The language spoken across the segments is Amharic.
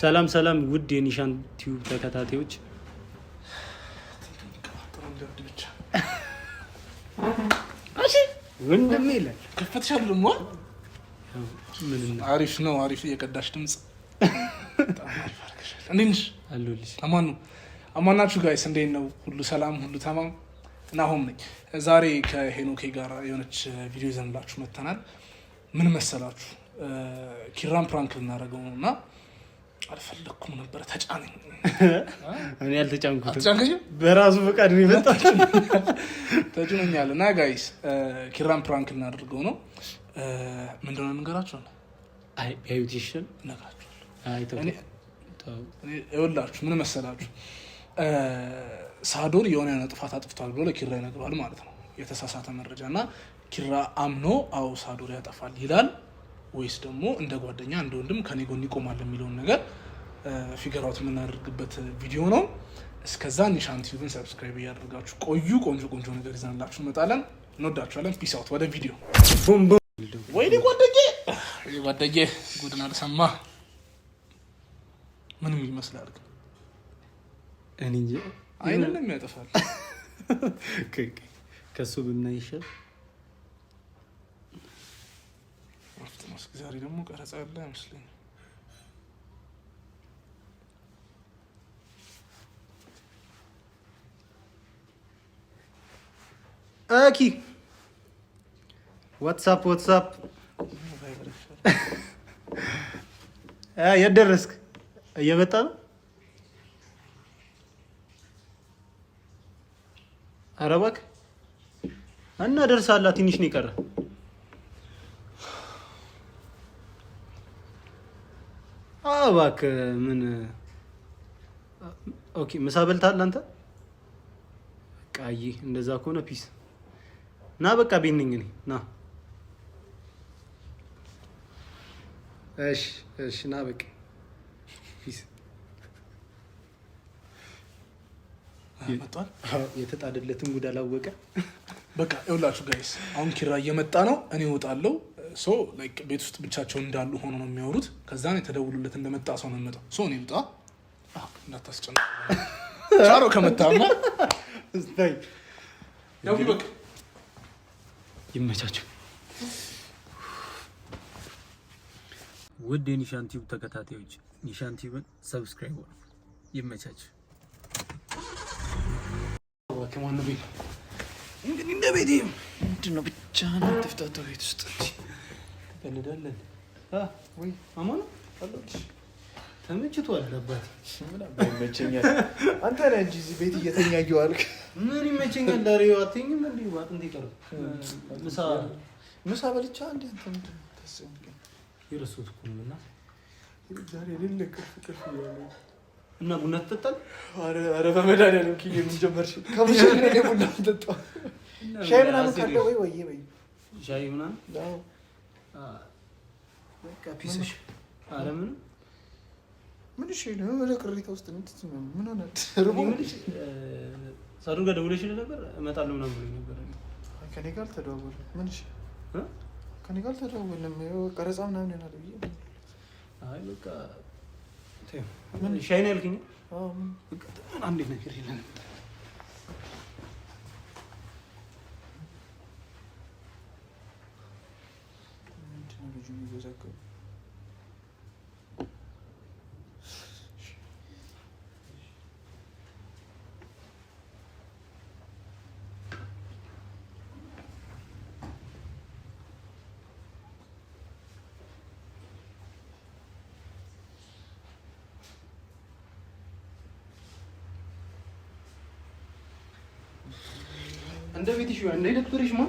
ሰላም ሰላም፣ ውድ የኒሻን ቲዩብ ተከታታዮች ወንድሜ ይላል ከፈትሻለሁ። አሪፍ ነው አሪፍ የቀዳሽ ድምፅ እንዴት ነሽ? አማን ነው አማናችሁ ጋይስ እንዴት ነው? ሁሉ ሰላም፣ ሁሉ ተማም። ናሆም ነኝ። ዛሬ ከሄኖኬ ጋር የሆነች ቪዲዮ ይዘንላችሁ መጥተናል። ምን መሰላችሁ? ኪራን ፕራንክ ልናደርገው ነው እና አልፈለግኩም ነበረ ተጫነኝ። እኔ አልተጫንኩትም፣ በራሱ ፈቃድ ነው የመጣችው። ተጭኖኛል። እና ጋይስ ኪራን ፕራንክ እናደርገው ነው። ምንድነው ነው ንገራቸው፣ ቢዩቲሽን ነግራቸዋል። ምን መሰላችሁ፣ ሳዶር የሆነ የሆነ ጥፋት አጥፍቷል ብሎ ለኪራ ይነግረዋል ማለት ነው። የተሳሳተ መረጃ እና ኪራ አምኖ አዎ ሳዶር ያጠፋል ይላል። ወይስ ደግሞ እንደ ጓደኛ እንደ ወንድም ከኔ ጎን ይቆማል የሚለውን ነገር ፊገራት የምናደርግበት ቪዲዮ ነው። እስከዛ ኒሻን ቲዩብን ሰብስክራይብ እያደርጋችሁ ቆዩ። ቆንጆ ቆንጆ ነገር ይዘንላችሁ እንመጣለን። እንወዳችኋለን። ፒስ አውት። ወደ ቪዲዮ። ወይኔ ጓደዬ ጓደዬ ጉድን አልሰማ ምንም ይመስላል ግን እኔ አይንንም ያጠፋል ከሱ ብናይሻል እስኪ ዛሬ ደግሞ ቀረጻ ያለ አይመስለኝም። ኦኬ ዋትሳፕ ዋትሳፕ የት ደረስክ? እየመጣ ነው። ኧረ እባክህ እና ደርሳላ ትንሽ ነው የቀረ እባክህ ምን ኦኬ፣ ምሳ በልተሃል አንተ? ቃይ እንደዛ ከሆነ ፒስ ና፣ በቃ ቤት ነኝ እኔ ና። እሺ፣ እሺ፣ ና በቃ ፒስ። መጥቷል። የተጣደለትን ጉድ አላወቀ። በቃ ይኸውላችሁ ጋይስ፣ አሁን ኪራ እየመጣ ነው። እኔ እወጣለሁ። ሶ ቤት ውስጥ ብቻቸው እንዳሉ ሆኖ ነው የሚያወሩት። ከዛ የተደውሉለት እንደመጣ ሰው ነው የሚመጣው። ሶ እኔ ምጣ እንዳታስጨና ቻሮ ከመጣማ ይመቻቸው። ውድ የኒሻን ተከታታዮች ኒሻን ቲዩብን ሰብስክራይብ አድርጉ። ይመቻችሁ። እንግዲህ እንደ ቤቴ ምንድን ነው ብቻህን ተፍታተው ቤት ውስጥ ትቀልዳለህ? ወይ ማማ ነው ተመችቷል። አባቴ ይመቸኛል። አንተ ነህ እንጂ እዚህ ቤት እየተኛ ጊዋል። ምን ይመቸኛል? ዳሪ አትኝም እንዲ አጥንት ይቀር ምሳ ምሳ በልቻ እንዲ አንተ ምንድን ነው የረሱት ኩልና ዛሬ ልልቅ ፍቅር እና ቡና ትጠጣል? ኧረ በመድኃኒዓለም ኪ የምንጀመር ቡና ትጠጣ ሻይ ምናምን ካለ ወይ ወይ ወይ ሻይ ምናምን ፒስሽ ኧረ ምንም ምን እሺ ነው ወደ ቅሬታ ውስጥ ነው። ምን ሆነ ርቦ ሳዱ ጋር ደውለሽ ነበር? እመጣለሁ ምናምን ብሎኝ ነበር። ከኔ ጋር አልተደዋወልንም። ምን እሺ ከኔ ጋር አልተደዋወልንም። ቀረጻ ምናምን ይሆናል ብዬ አይ በቃ ሻይ ነው ያልከኝ። አንዴ ነገር የለንም că... እንደ ቤትሽ እንደ ደብርሽ ማን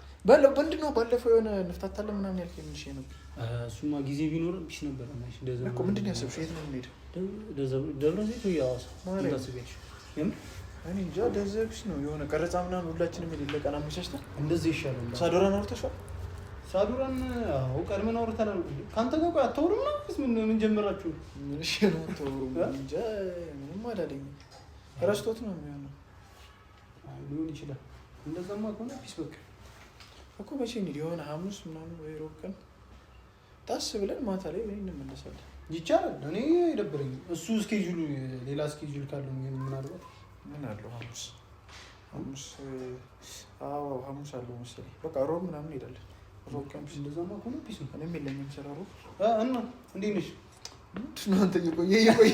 ምንድን ነው ባለፈው የሆነ እንፍታታለን ምናምን ያልከኝ ምንሽ ነው? እሱማ ጊዜ ቢኖር ቢሽ ነበረ ምንድን ነው ያሰብሽው? የት ነው የምንሄደው? ደብረ ዘይት ወይ ሐዋሳ? እኔ እንጃ። ደዘብሽ ነው የሆነ ቀረጻ ምናምን ሁላችንም የሌለ ቀን አመቻችተን እንደዚህ ይሻላል። ሳዶራን አውርተሻል? ሳዱራን አዎ፣ ቀድመን አውርተናል። ከአንተ ጋር ቆይ አታወሩም ነው ወይስ ምን ጀመራችሁ? እሺ ነው አታወሩም? እንጃ ምንም አላለኝም። ረስቶት ነው የሚሆነው ሊሆን ይችላል። እንደዛማ ከሆነ ፒስ በቃ እኮ መቼ እንሂድ? የሆነ ሐሙስ ምናምን ወይ ሮብ ቀን ጣስ ብለን ማታ ላይ ወይ እንመለሳለን። ይቻላል። እኔ አይደብረኝ። እሱ እስኬጁሉ ሌላ እስኬጁል ካለው ምናልባት ምን አለው ሐሙስ ሐሙስ አዎ ሐሙስ አለው መሰለኝ። በቃ ሮብ ምናምን ሄዳለን። ሮብ ቀን ፒስ ፒስ ነው እኔም የለኝም ስራ ሮብ እና እንዴት ነሽ? የቆየ የቆየ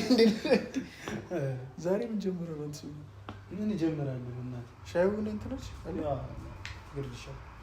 ዛሬ ምን ጀምረ ነው? ምን ይጀምራል? ሻይ ቡና እንትኖች ግርድሻ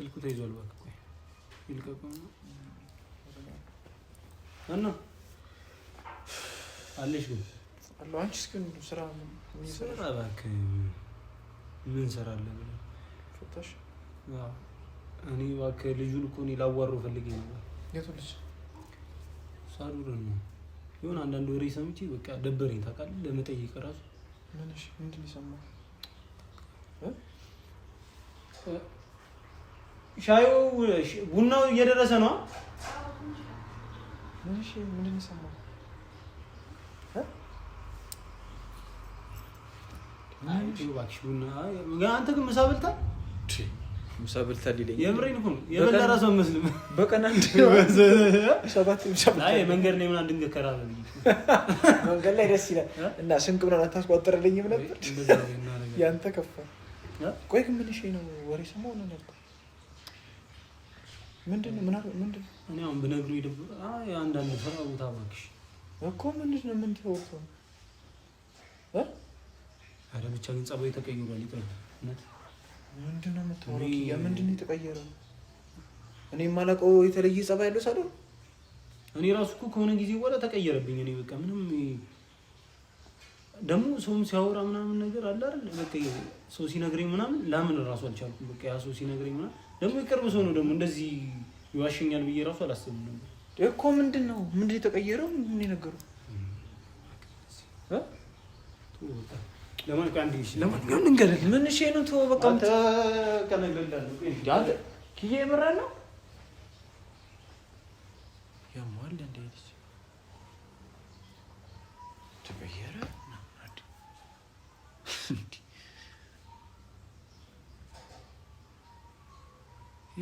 ስልኩ ተይዟል። በቃ ቆይ ይልቀቁና እና አለሽ ግን አለ አንቺ እስኪ ስራ ስራ እባክህ ምን ሰራለህ ብለህ ፈታሽ። እኔ እባክህ ልጁን እኮ እኔ ላዋራው ፈልጌ ነበር። የቱ ልጅ ነው የሆነ አንዳንድ ወሬ ሰምቼ በቃ ደበረኝ ታውቃለህ። ለመጠየቅ እራሱ ምንድን ሻዩ ቡናው እየደረሰ ነው። አንተ ግን ምሳ በልታል? ምሳ የምሬን የበላ አይመስልም። በቀን አንድ መንገድ ምናምን ድንገት ከራ መንገድ ላይ ደስ ይላል እና ስንቅ ምናምን ነበር። ያንተ ከፋ። ቆይ ግን ምን ነው ወሬ ሰማሁ ነው ነበር ምንድን ነው? ምንድን ነው? እኔ አሁን ብነግሩ ይደብሩ። አይ አንዳንድ ስራ ቦታ እባክሽ እኮ ምንድን ምን ተወው እ ኧረ ብቻ ግን ጸባይ ተቀይሯል። ይቅር እውነት ምንድን ነው የምታወራው? ያ ምንድን ነው የተቀየረው? እኔ የማላውቀው የተለየ ጸባይ ያለው ሳዶ እኔ ራሱ እኮ ከሆነ ጊዜ በኋላ ተቀየረብኝ። እኔ በቃ ምንም ደግሞ ሰውም ሲያወራ ምናምን ነገር አለ አይደል? በቃ ሰው ሲነግረኝ ምናምን ላምን ራሱ አልቻልኩም። በቃ ያ ሰው ሲነግረኝ ምናምን ደግሞ የቅርብ ሰው ነው። ደግሞ እንደዚህ ይዋሸኛል ብዬ ራሱ አላሰብም ነበር እኮ። ምንድን ነው ምንድን የተቀየረው? ምንድን ነው ለማንኛውም እንገለል ምን ነው ተወው በቃ ነው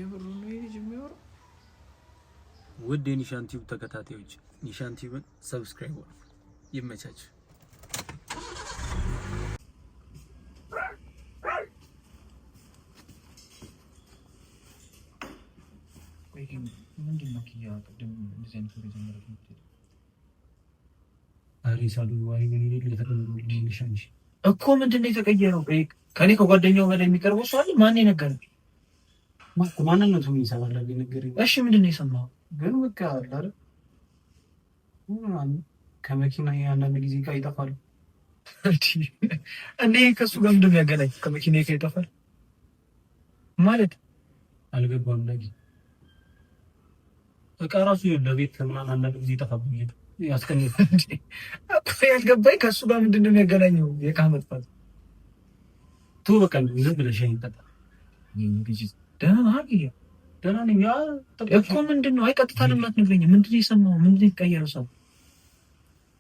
የምሩ ነው ይሄ ልጅ የሚያወራው። ውድ የኒሻን ቲዩብ ተከታታዮች ኒሻን ቲዩብን ሰብስክራይብ አድርጉ። ይመቻች። እኮ ምንድን ነው የተቀየረው? ከኔ ከጓደኛው በላይ የሚቀርበው ሰው አለ። ማን የነገረኝ ማንነቱ ይሰራል ነገር እሺ፣ ምንድን ነው የሰማው? ግን በቃ አለ ከመኪና አንዳንድ ጊዜ እቃ ይጠፋል። እኔ ከእሱ ጋር ምንድን ነው ያገናኝ? ከመኪና እቃ ይጠፋል ማለት አልገባም። ነ እቃ ራሱ ለቤት ከምናምን አንዳንድ ጊዜ ይጠፋብኛል። ያስቀኝ ያልገባኝ ከእሱ ጋር ምንድን ነው የሚያገናኘው የእቃ መጥፋት? ቱ በቃ ዝም ብለሽ ይጠጣል ደህና ነህ ብዬ ደህና ነኝ እኮ ምንድን ነው? አይ ቀጥታ ለምን ምንድን ነው የሰማኸው? ምንድን ነው የተቀየረው? ሰው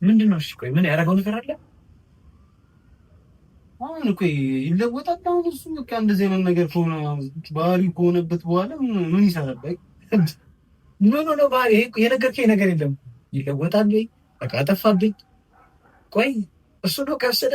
ምንድን ነው? እሺ ቆይ ምን ያደረገው ነገር አለ? አሁን እኮ ይለወጣል። አሁን እሱ በቃ እንደዚህ አይነት ነገር ከሆነ ባህሪ ከሆነበት በኋላ ምን ኖ ኖ ኖ ባህሪ የነገርከኝ ነገር የለም። ይለወጣል። በቃ አጠፋብኝ። ቆይ እሱ ነው ከወሰደ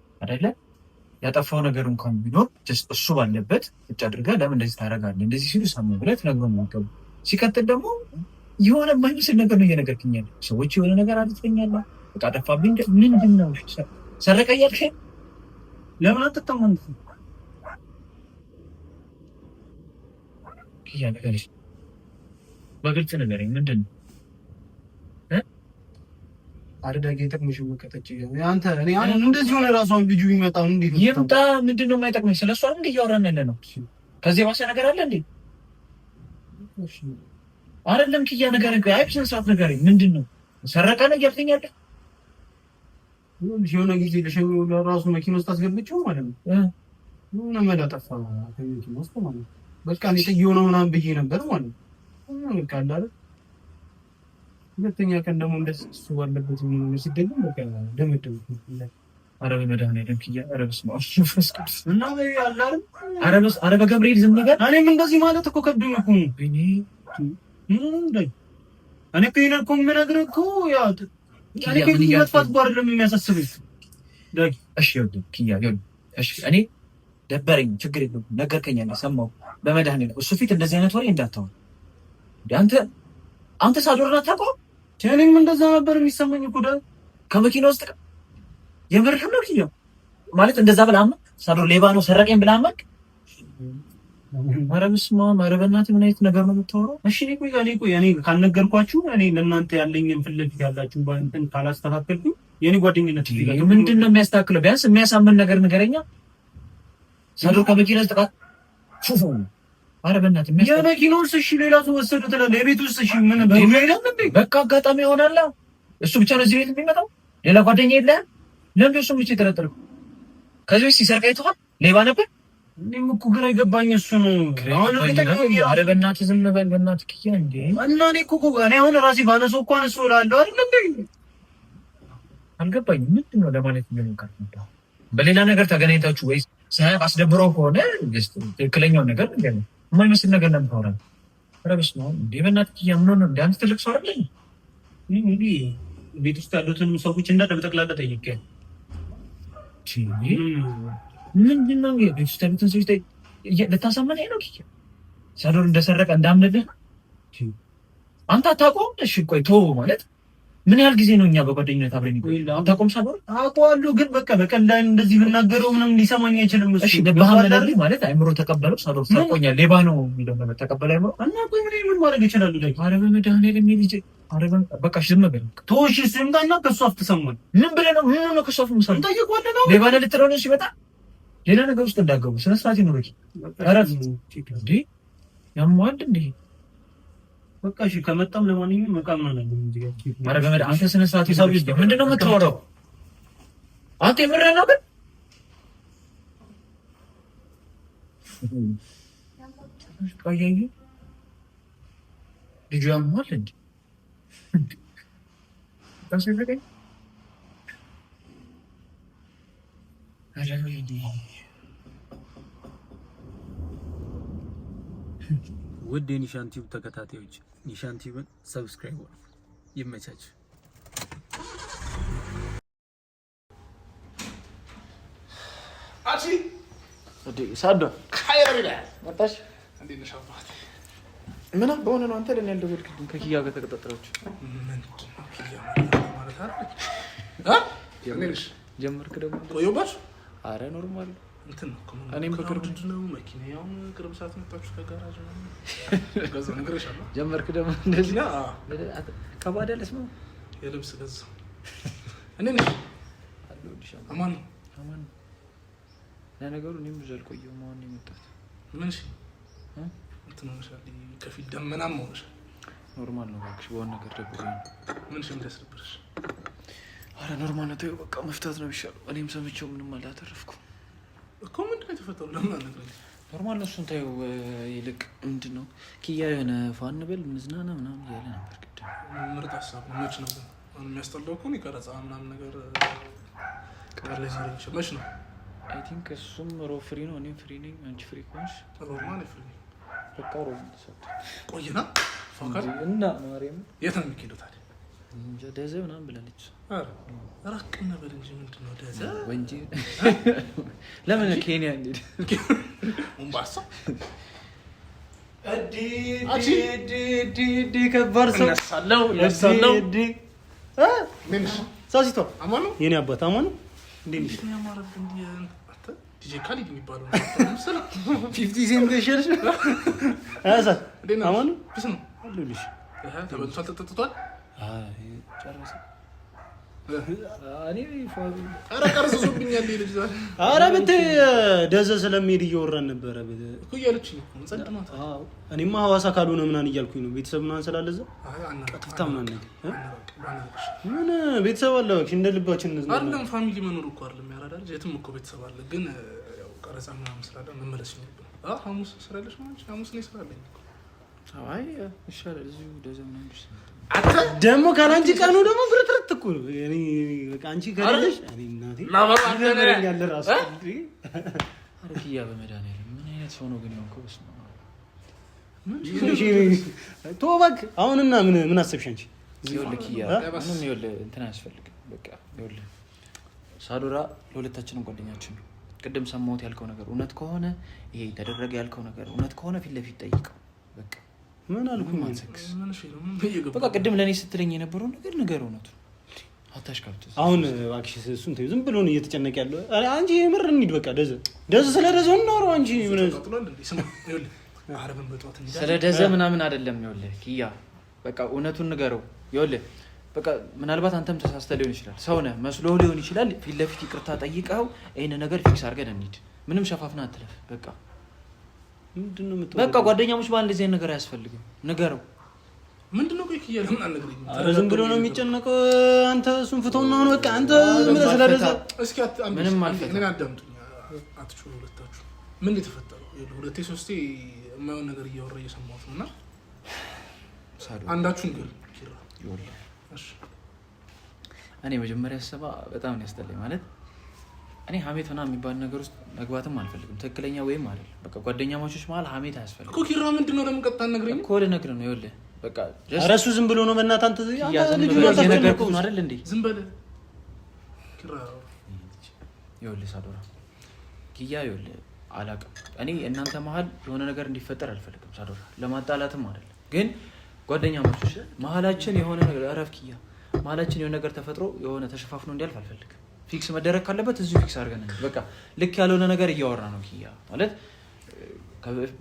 አደለ ያጠፋው ነገር እንኳን ቢኖር እሱ ባለበት እጭ አድርገህ ለምን እንደዚህ ታደርጋለህ እንደዚህ ሲሉ ሰሙ ብለህ ትነግረው ማገቡ። ሲቀጥል ደግሞ የሆነ የማይመስል ነገር ነው እየነገርክኝ ያለ ሰዎች የሆነ ነገር አድርገኛለህ በቃ ጠፋብኝ። ምንድን ነው ሰረቀ እያልከኝ ለምን አትተማን እያ ነገር በግልጽ ነገር ምንድን ነው አረዳጌ ይጠቅምሽ መቀጠች አንተ እኔ አሁን እንደዚህ ሆነ ራሷን ልጁ ይመጣ እንዴት ይምጣ? ምንድን ነው የማይጠቅመኝ? ስለ እሷ እንዴ እያወራን ያለ ነው። ከዚህ የባሰ ነገር አለ እንዴ? አይደለም ክያ ነገር እንኳ አይ ብሰን ነገር ምንድን ነው ሰረቀ ነው እያልከኝ አለ። የሆነ ጊዜ ለሸሚ ራሱ መኪና ውስጥ አስገብቼው ማለት ነው የሆነ መላ ጠፋ ከመኪና ውስጥ ማለት ነው። በቃ እኔ ጥዬው ነው ምናምን ብዬ ነበር ማለት ነው። በቃ አለ ሁለተኛ ቀን ደግሞ እንደ እሱ ባለበት ሲገኝም ሲደግም ደመደቡ አረበ ደም ክያ አረበስ አረበ ገብርኤል ዝም ነገር እኔም እንደዚህ ማለት እኮ ከብዶኝ እኮ እኔ እኮ ይሄን እኮ የምነግርህ እኮ መጥፋት እኮ አይደለም የሚያሳስበኝ። እኔ ደበረኝ፣ ችግር የለውም ነገርከኝ፣ ሰማሁ። በመድኃኒዓለም እሱ ፊት እንደዚህ አይነት ወሬ እንዳታወራ አንተ አንተ ሳዶርን አታውቀውም? እኔም እንደዛ ነበር የሚሰማኝ። ጉዳ ከመኪና ውስጥ የምር ነው ኪዮ ማለት እንደዛ ብላ ሳዶር ሌባ ነው ሰረቀኝ ብላ አመንክ? ኧረ በስመ ምን አይነት ነገር ነው የምታወራው? እሺ እኔ ቆይ እኔ ቆይ እኔ ካልነገርኳችሁ እኔ ለእናንተ ያለኝን ፊት ያላችሁ በእንትን ካላስተካከልኩ የኔ ጓደኝነት ምንድን ነው የሚያስተካክለው? ቢያንስ የሚያሳምን ነገር ንገረኛ። ሳዶር ከመኪና ውስጥ ሹፌሩ የመኪናውስ እሺ፣ ሌላ ሰው ወሰዱ ትላለህ። ምን እንዴ? በቃ አጋጣሚ እሱ ብቻ ነው እዚህ ቤት የሚመጣው፣ ሌላ ጓደኛ የለህም? ለምን እሱ ብቻ የተረጠረው? ከዚህ ውስጥ ሲሰርቅ አይተኸዋል? ሌባ ነበር። እኔም እኮ ግራ የገባኝ እሱ ነው። በእናትህ ዝም በል በእናትህ እንዴ! እና እኔ እኮ እኔ አሁን ራሴ ባነሰው እላለሁ አይደል እንዴ? አልገባኝም። ምንድን ነው ለማለት ነበር? በሌላ ነገር ተገናኝታችሁ ወይስ አስደብረው ከሆነ ትክክለኛውን ነገር ነው የማይመስል ነገር ለምታወራ ረበስ ነው እንዴ? በእናትህ ያምኖ ነው እንደ አንተ ትልቅ ሰው አለ። ቤት ውስጥ ያሉትን ሰዎች እንዳለ በጠቅላላ ጠይቄ ምንድን ነው ቤት ውስጥ ያሉትን ሰዎች ልታሳመነኝ ነው? ሰዶር እንደሰረቀ እንዳምንልህ አንተ አታውቀውም? እሺ ቆይ ቶ ማለት ምን ያህል ጊዜ ነው እኛ በጓደኝነት አብረን ይቆይ? ታቆምሻ ነው አውቀዋለሁ፣ ግን በቃ በቀላል እንደዚህ ብናገረው ምንም ሊሰማኝ አይችልም። እሺ ማለት አይምሮ ተቀበለው ሳዶስ ታቆኛል። ሌባ ነው የሚለው ነው ተቀበለ አይምሮ እና ቆይ ምን ምን ማድረግ ይችላሉ? ላይ አረ በመድኃኒዓለም ልጅ አረ በቃ ዝም በል ቶሽ ስም ጋር እና ከሷ አትሰማን ምን ብለህ ነው ምን ነው ከሷ ፍምሳ ጠይቋለ ነው ሌባ ነው ልትለው ነው። እሺ ሌላ ነገር ውስጥ እንዳገቡ ስነ ረት ይኖረች ያሟል እንዴ በቃ እሺ፣ ከመጣም ለማንኛውም መቃም ነው ነገር እንጂ አንተ ስነ ስርዓት ይዛው ይደው ምንድነው ነው የምታወራው አንተ? የምር ነው ግን ቀያዩ ልጁ ያማል እንዴ? ታሰፈቀኝ አጃሚ ዲ ውድ የኒሻን ቲዩብ ተከታታዮች ኒሻን ቲዩብን ሰብስክራይብ አድርጉ። ይመቻች። ምን በሆነ ነው አንተ ለኔ ያልደወልክልኝ? ከኪያ ጋር ተቀጣጥራችሁ ጀመርክ ደግሞ? አረ ኖርማል ለነገሩ እኔም ብዙ አልቆየሁም። የመጣሁት። ምን እሺ እንትን ሆነሻል፣ ከፊል ደመናም ሆነሻል። ኖርማል ነው እባክሽ፣ በሆነ ነገር ደብሮኝ ነው። ምን እሺ ኖርማል ነው ተይው በቃ፣ መፍታት ነው የሚሻለው። እኔም ሰምቼው ምንም አላተረፍኩም። እኮ ምንድን ነው የተፈጠሩ? ለምን ኖርማል ነው። እሱን ታዩ። ይልቅ ምንድን ነው ኪያ የሆነ ፋን በል እንዝናና ምናምን እያለ ነበር። ግድ ምርጥ ሀሳብ ነው። መች ነው የሚያስጠላው? እኮ ቀረጻ ምናምን ነገር መች ነው? አይ ቲንክ እሱም ሮ ፍሪ ነው፣ እኔም ፍሪ ነኝ። አንቺ ፍሪ ከሆንሽ ሮማን ፍሪ ነኝ። በቃ ሮብ ቆይና ፋካል እና ማርያም የት ነው የሚሄደው ታዲያ? እንጃ ደዘ ምናምን ብላለች። ራቅ ነበር እንጂ ምንድን ነው ደዘ ወንጂ ለምን ኬንያ እንዴ ሙምባሳ ከባድ ሰው ሳሲቶ አማኑ የኔ አባት አማኑ እንዴ ነው አማኑ ብስ ነው ተጠጥቷል ኧረ ብታይ ደዘ ስለሚሄድ እየወራን ነበረ እኔማ ሐዋሳ ካልሆነ ምናምን እያልኩኝ ነው። ቤተሰብ ምናምን ስላለ እዛ ቅጥፍታ ምናምን ምን ቤተሰብ አለ እንደ ልባችን አይደለም። ፋሚሊ መኖር እኮ አይደለም ያራዳል። የትም እኮ ቤተሰብ አለ፣ ግን ቀረፃ ምናምን ስላለ መመለስ ይኖርብን። ሐሙስ ስላለሽ ሐሙስ እኔ ስላለኝ አይ ይሻላል እዚሁ ደዘ ምናምን ደግሞ ካላንቺ ቀኑ ደግሞ ፍርጥርጥ እኮ ነው። እኔ ያለ በመድኃኒዓለም ምን አይነት ሰው ነው ግን ነው? በስመ አብ እባክህ። አሁንና ምን ምን አሰብሽ አንቺ? ምንም እንትን አያስፈልግም። በቃ ይኸውልህ ሳዶራ ለሁለታችንም ጓደኛችን ነው። ቅድም ሰማሁት ያልከው ነገር እውነት ከሆነ ይሄ ተደረገ ያልከው ነገር እውነት ከሆነ ፊት ለፊት ጠይቀው በቃ ምን አልኩኝ? በቃ ቅድም ለእኔ ስትለኝ የነበረው ነገር ነገር እውነቱ አሁን እባክሽ እሱን ተይው። ዝም ብሎ ነው እየተጨነቀ ያለው። አንቺ የምር እንሂድ በቃ ደዘ ደዘ ስለ ደዘ እናወራው። አንቺ ስለ ደዘ ምናምን አይደለም። ይኸውልህ ኪያ በቃ እውነቱን ንገረው። ይኸውልህ በቃ ምናልባት አንተም ተሳስተ ሊሆን ይችላል። ሰውነህ መስሎህ ሊሆን ይችላል። ፊት ለፊት ይቅርታ ጠይቀኸው ይህን ነገር ፊክስ አድርገን እንሂድ። ምንም ሸፋፍና አትለፍ በቃ በቃ ጓደኛሞች በአንድ ዜ ነገር አያስፈልግም። ንገረው። ምንድነው ብሎ ነው የሚጨነቀው። አንተ እሱን ፍተውና አሁን በቃ አንተ ምንም ምን የተፈጠረው ሁለቴ ሶስቴ የማይሆን ነገር እያወራ እየሰማሁት ነው እና አንዳችሁ ንገር። እኔ መጀመሪያ ስሰማ በጣም ያስጠላኝ ማለት እኔ ሀሜት ሆና የሚባል ነገር ውስጥ መግባትም አልፈልግም። ትክክለኛ ወይም አይደል በቃ ጓደኛ ማቾች መሀል ሀሜት አያስፈልግም እኮ። ኪራ ምንድን ነው ለምን ቀጥታ ነግረኝ እኮ ልነግርህ ነው። ይኸውልህ በቃ እረሱ ዝም ብሎ ነው በእናትህ አንተ የነገርኩህ አይደል እንዴ? ዝም በለህ ኪራ። ይኸውልህ ሳዶራ ጊያ፣ ይኸውልህ አላውቅም። እኔ እናንተ መሀል የሆነ ነገር እንዲፈጠር አልፈልግም ሳዶራ። ለማጣላትም አይደል ግን ጓደኛ ማቾች መሀላችን የሆነ ነገር እረፍ ኪያ፣ መሀላችን የሆነ ነገር ተፈጥሮ የሆነ ተሸፋፍኖ እንዲያልፍ አልፈልግም። ፊክስ መደረግ ካለበት እዚሁ ፊክስ አድርገን በቃ ልክ ያልሆነ ነገር እያወራ ነው ኪያ ማለት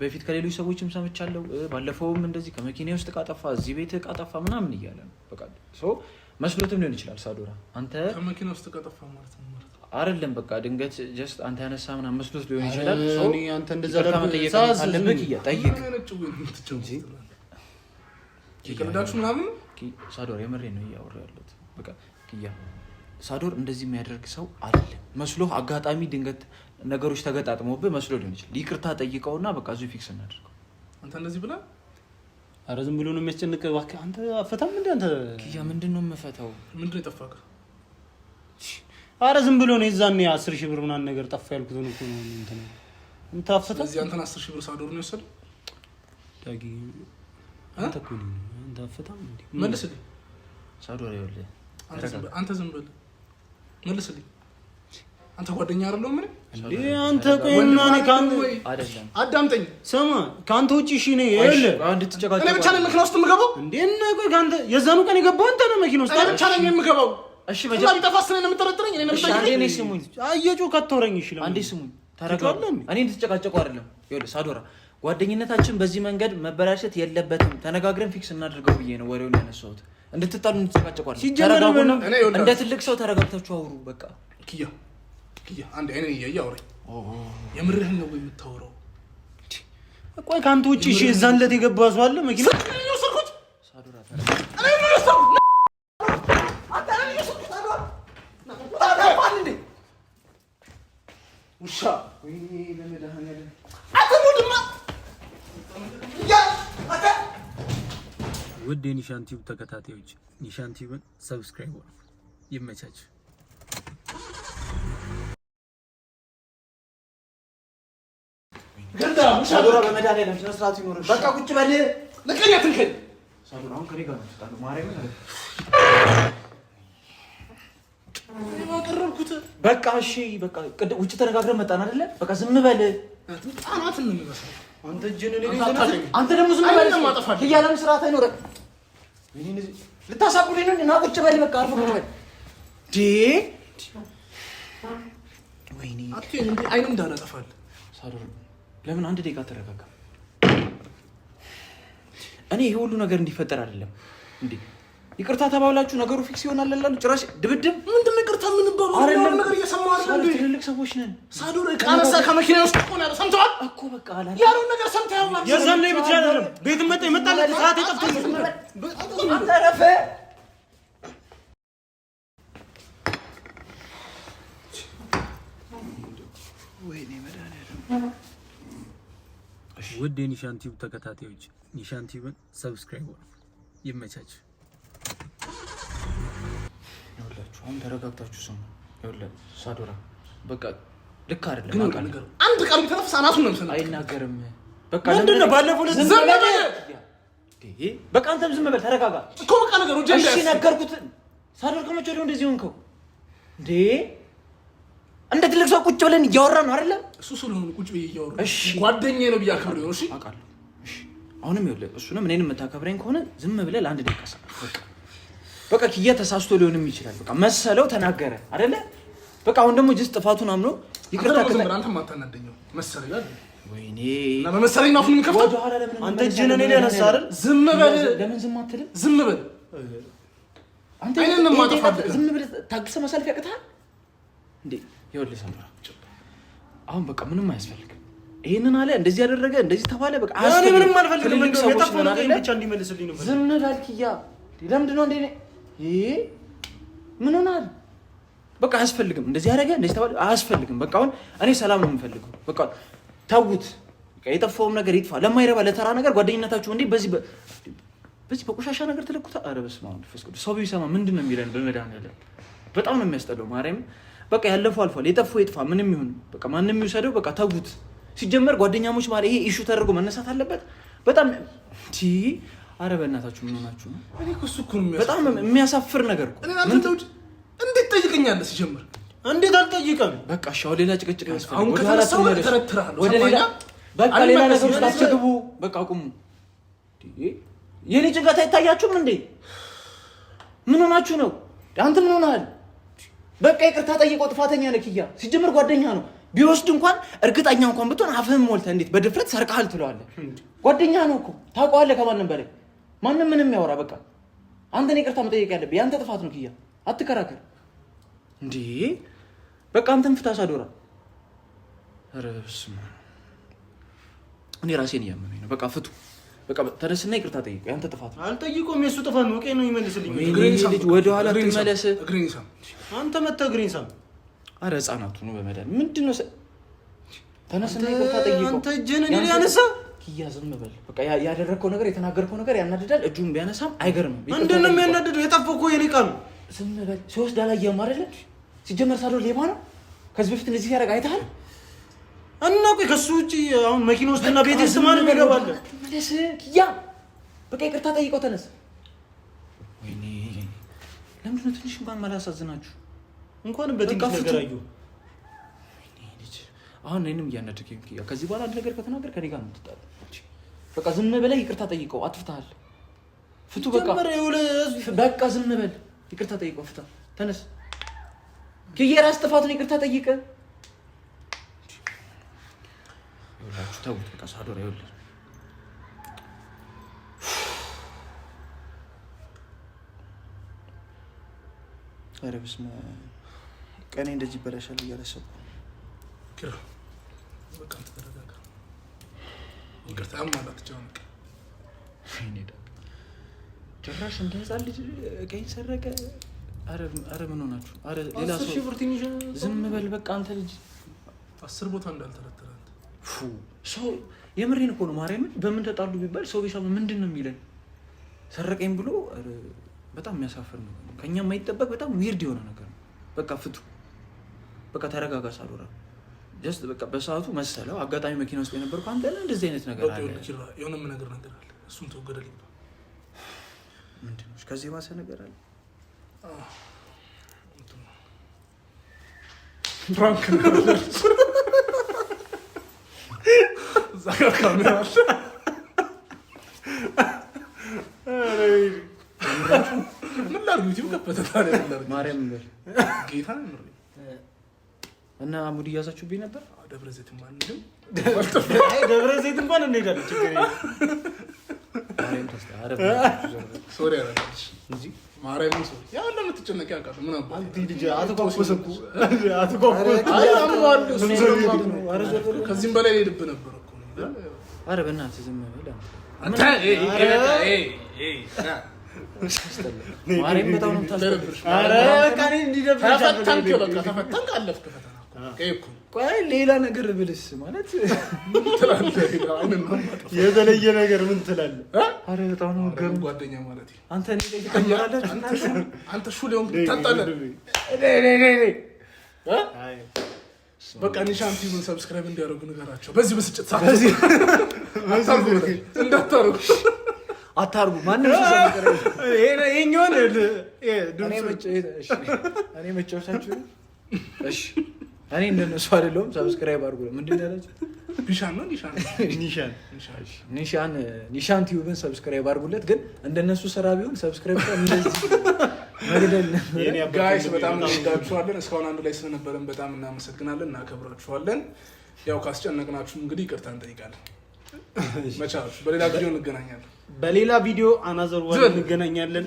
በፊት ከሌሎች ሰዎችም ሰምቻለሁ። ባለፈውም እንደዚህ ከመኪና ውስጥ ቃጠፋ እዚህ ቤት ቃጠፋ ምናምን እያለ ነው በቃ መስሎትም ሊሆን ይችላል። ሳዶራ አንተ ከመኪና ውስጥ ቃጠፋ ማለት ነው አይደለም። በቃ ድንገት ጀስት አንተ ያነሳ ምናምን መስሎት ሊሆን ይችላል። ሳዶራ የምሬ ነው እያወራ ያሉት በቃ ኪያ ሳዶር እንደዚህ የሚያደርግ ሰው አይደለም። መስሎ አጋጣሚ ድንገት ነገሮች ተገጣጥሞብህ መስሎ ሊሆን ይችላል። ይቅርታ ጠይቀውና በቃ እዚሁ ፊክስ እናደርገው። አንተ እንደዚህ ብላ ኧረ ዝም ብሎ ነው የሚያስጨንቅ። እባክህ አንተ አፈታም እንደ አንተ ምንድን ነው የምፈታው? ምንድን ነው የጠፋህ? ዝም ብሎ ነው የዛኔ አስር ሺህ ብር ምናምን ነገር ጠፋ ያልኩት ነው እኮ ነው ስለዚህ አንተን አስር ሺህ ብር ሳዶር ነው የወሰደው። ዳጊ አንተ እኮ ነው አፈታም መልስልኝ። ሳዶር ይኸውልህ አንተ ዝም ብለህ መልስልኝ። አንተ ጓደኛ አይደለሁ። ምን አንተ ቆይና እኔ ካንተ አይደለም፣ አዳምጠኝ፣ ስማ። ካንተ ውጪ እሺ፣ እኔ ይኸውልህ፣ እኔ ብቻ ነኝ መኪና ውስጥ የምገባው። እንዴ እና ቆይ፣ ካንተ የዛኑ ቀን የገባው አንተ ነው መኪና ውስጥ። እኔ ብቻ ነኝ የምገባው። እሺ፣ በጀ እና ቢጠፋስ ነው የምጠረጥረኝ? እኔ ነው የምጠረጥረኝ? እኔ ስሙኝ፣ አየጩ ከተወረኝ ይችላል። አንዴ ስሙኝ፣ ተረጋጋ። እኔ እንድትጨቃጨቁ አይደለም። ይኸውልህ ሳዶራ ጓደኝነታችን በዚህ መንገድ መበላሸት የለበትም። ተነጋግረን ፊክስ እናደርገው ብዬ ነው ወሬውን ያነሳሁት። እንድትጣሉ እንድትጨቃጨቋል። ሲጀመር እንደ ትልቅ ሰው ተረጋግታችሁ አውሩ። በቃ ኪያ ኪያ አንድ አይነን እያየ አውረኝ። የምርህን ነው የምታወራው? ቆይ ከአንተ ውጭ እዛን ዕለት የገባ ሰው አለ መኪና ውድ የኒሻን ቲዩብ ተከታታዮች ኒሻን ቲዩብን ሰብስክራይብ አድርጉ። ይመቻችሁ። በቃ እሺ፣ በቃ ውጭ ተነጋግረን መጣን አይደለ? በቃ ዝም በል አንተ። አንተ ደግሞ ዝም በል እያለም ስርዓት አይኖረም። ልታሳቡልኝ ነው? ና ቁጭ በል በቃ። አርፎ ነው ዲ ወይኔ፣ አይንም እንዳላጠፋል ሳዶር፣ ለምን አንድ ደቂቃ ተረጋጋ። እኔ ይሄ ሁሉ ነገር እንዲፈጠር አይደለም እንዴ ይቅርታ ተባብላችሁ ነገሩ ፊክስ ይሆናል ላሉ ጭራሽ ድብድብ ምንድን ነው ይቅርታ የምንባለው? ነገር እየሰማሁ ትልልቅ ሰዎች ነን። ሳዶር ዕቃ ነሳ ከመኪና ውስጥ ሆናለ ሰምተዋል እኮ በቃ ያለውን ነገር ሰምተህ የዛን ላይ ብቻ አይደለም ቤት መጣ የመጣለት ሰዓት የጠፍቶ ተረፈ ውድ የኒሻን ቲዩብ ተከታታዮች ኒሻን ቲዩብን ሰብስክራይብ ይመቻችሁ። ይኸውላችሁ አሁን ተረጋግታችሁ ስሙ። ይኸውልህ ሳዶራ በቃ ልክ አይደለም። አንድ ቀን ቢተነፍስ አናቱን ነው አይናገርም። በቃ ምንድነው ባለፈው ዕለት ዝም በል በቃ አንተም ዝም በል ተረጋጋ እኮ በቃ ነገሩ እሺ፣ ነገርኩት ሳዶር ከመቼ ወዲህ እንደዚህ ሆንከው እንዴ? እንደ ትልቅ ሰው ቁጭ ብለን እያወራ ነው አይደለ? እሱ ስለሆነ ቁጭ ብዬ እያወራ እሺ፣ ጓደኛዬ ነው ብዬ አከብሬ ነው። እሺ አውቃለሁ። እሺ አሁንም ይኸውልህ እሱንም እኔንም የምታከብረኝ ከሆነ ዝም ብለህ ለአንድ ደቂቃ በቃ ኪያ ተሳስቶ ሊሆንም ይችላል። በቃ መሰለው ተናገረ አይደለ? በቃ አሁን ደግሞ ጅስ ጥፋቱን አምኖ ይቅርታ ከዛ አንተ ማታናደኘው ወይኔ መሰለኝ ነው አንተ አይደል? ዝም በል ለምን ዝም ዝም በል አንተ ማጥፋት ዝም እንዴ? አሁን በቃ ምንም አያስፈልግም። ይሄንን አለ እንደዚህ ያደረገ እንደዚህ ተባለ። በቃ ምንም አልፈልግም። ብቻ ነው ዝም በል ኪያ ለምንድን ነው እንደ ምን ሆናል? በቃ አያስፈልግም። እንደዚህ አደረገ እንደዚህ ተባለ አያስፈልግም። በቃ አሁን እኔ ሰላም ነው የምፈልገው። በቃ ተውት። የጠፋውም ነገር ይጥፋ። ለማይረባ ለተራ ነገር ጓደኝነታችሁ እንዴ በዚህ በዚህ በቆሻሻ ነገር ተለኩታ። ኧረ በስመ አብ መንፈስ ቅዱስ ሰው ቢሰማ ምንድን ነው የሚለን? በመድኃኒዓለም በጣም ነው የሚያስጠላው። ማርያም በቃ ያለፈው አልፏል። የጠፋው ይጥፋ። ምንም ይሁን በቃ ማንም የሚወሰደው በቃ ተውት። ሲጀመር ጓደኛሞች ማለት ይሄ ኢሹ ተደርጎ መነሳት አለበት። በጣም አረ በእናታችሁ ምን ሆናችሁ ነው? እኔ እኮ እሱ እኮ በጣም የሚያሳፍር ነገር እኮ። እንዴት ጠይቀኛለህ? ሲጀምር እንዴት አልጠይቀም። በቃ ሻው ሌላ ጭቅጭቅ ያስፈልጋል። አሁን ከተነሳው ተረትራል። ወደ ሌላ በቃ ሌላ ነገር ውስጥ አትግቡ። በቃ ቁሙ። የኔ ጭንቀት አይታያችሁም እንዴ? ምን ሆናችሁ ነው? አንተ ምን ሆናል? በቃ ይቅርታ ጠይቀው። ጥፋተኛ ነህ ኪያ። ሲጀምር ጓደኛ ነው ቢወስድ እንኳን እርግጠኛ እንኳን ብትሆን አፍህም ሞልተህ እንዴት በድፍረት ሰርቀሃል ትለዋለህ? ጓደኛ ነው እኮ ታውቀዋለህ ከማንም በላይ ማንም ምንም ያወራ፣ በቃ አንተ ነው ይቅርታ መጠየቅ ያለብህ ያንተ ጥፋት ነው። ክያ አትከራከር እንዴ! በቃ አንተን ፍታሽ አዶራ። ኧረ በስመ አብ እኔ ራሴን እያመመኝ ነው። በቃ ፍቱ፣ በቃ ተነስና ይቅርታ ጠይቅ። ያንተ ጥፋት ነው። አልጠይቀውም፣ የእሱ ጥፋት ነው። ነው ይመልስልኝ። ወደኋላ ትመለስ። አንተ መተህ እግሬን ሳም። ኧረ ህፃናቱ ነው በመድኃኒዓለም ምንድን ነው? ተነስና ይቅርታ ጠይቀው። አንተ እጅህን እኔ ላይ ኪያ ዝም በል በቃ። ያደረግከው ነገር የተናገርከው ነገር ያናድዳል። እጁን ቢያነሳም አይገርምም። ምንድን ነው የሚያናድደው? የጠፋው እኮ የኔ ዕቃ ነው። ዝም በል። ሲወስድ አላየህም አይደለ? ሲጀመር ሳዶ ሌባ ነው። ከዚህ በፊት እንደዚህ ሲያደርግ አይተሃል? እና ቆይ ከሱ ውጭ አሁን መኪና ውስጥና ቤት ስማ ነው የሚገባለን። መለስ ኪያ፣ በቃ ይቅርታ ጠይቀው ተነስ። ወይኔ ለምንድነው ትንሽ እንኳን ማላሳዝናችሁ? እንኳንም በትንሽ ነገር አየሁ አሁን እኔንም እያናደገኝ ኪያ፣ ከዚህ በኋላ አንድ ነገር ከተናገር ከኔ ጋር ምትጣል። በቃ ዝም ብለህ ይቅርታ ጠይቀው፣ አጥፍተሃል፣ ፍቱ። በቃ በቃ ዝም በል፣ ይቅርታ ጠይቀው፣ ፍታ፣ ተነስ። የራስ ጥፋቱን ይቅርታ ጠይቀ። ተውት፣ በቃ ሳዶር፣ ይኸውልህ ኧረ ቀኔ እንደዚህ ይበላሻል እያለሰብኩ ጭራሽ እንደ ህፃን ልጅ ቀኝ ሰረቀ። አረ ምን ሆናችሁ? ሌላ ሰው ዝም በል በቃ። አንተ ልጅ አስር ቦታ እንዳልተረተረ ሰው የምሬን እኮ ነው። ማርያምን በምን ተጣሉ ቢባል ሰው ቤሳ ምንድን ነው የሚለን? ሰረቀኝ ብሎ በጣም የሚያሳፍር ነው። ከኛ የማይጠበቅ በጣም ዊርድ የሆነ ነገር ነው። በቃ ፍቱ። በቃ ተረጋጋ ሳሉራ ጀስት በቃ በሰዓቱ መሰለው አጋጣሚ መኪና ውስጥ የነበርኩ አንተ ለ እንደዚህ አይነት ነገር አለ የሆነ ነገር ነገር አለ። እሱን ተወገደልኝ። ምንድን ነው ከዚህ የባሰ ነገር አለ? ፕራንክ ምን ላድርግ? ዩቲዩብ ከፈተ ማርያም ጌታ እና ሙድ እያሳችሁብኝ ነበር። ደብረ ዘይት እንኳን ደብረ ዘይት እንኳን እንሄዳለን። ችግር ከዚህም በላይ ሄድብህ ነበር። ኧረ በእናትህ ዝም በል አንተ ቆይ ሌላ ነገር ብልስ ማለት የተለየ ነገር ምን ትላለህ? ኧረ በጣም ነው ጓደኛ ማለት አንተ አንተ ሹሌውን በቃ ምን ሰብስክራይብ እንዲያደርጉ ንገራቸው። በዚህ ብስጭት እንዳታርጉ አታርጉ። ማንም ይሄኛውን እኔ እሺ እኔ እንደነሱ አይደለሁም። ሰብስክራይብ አድርጉ። ምንድን ያለችው ኒሻን ነው ኒሻን ኒሻን ኒሻን ቲዩብን ሰብስክራይብ አድርጉለት። ግን እንደነሱ ስራ ቢሆን ሰብስክራይብ እንደዚህ መግደል ጋይስ፣ በጣም እናወዳችኋለን። እስካሁን አንድ ላይ ስለነበረን በጣም እናመሰግናለን፣ እናከብራችኋለን። ያው ካስጨነቅናችሁም እንግዲህ ይቅርታ እንጠይቃለን። መቻች በሌላ ቪዲዮ እንገናኛለን። በሌላ ቪዲዮ አናዘር እንገናኛለን።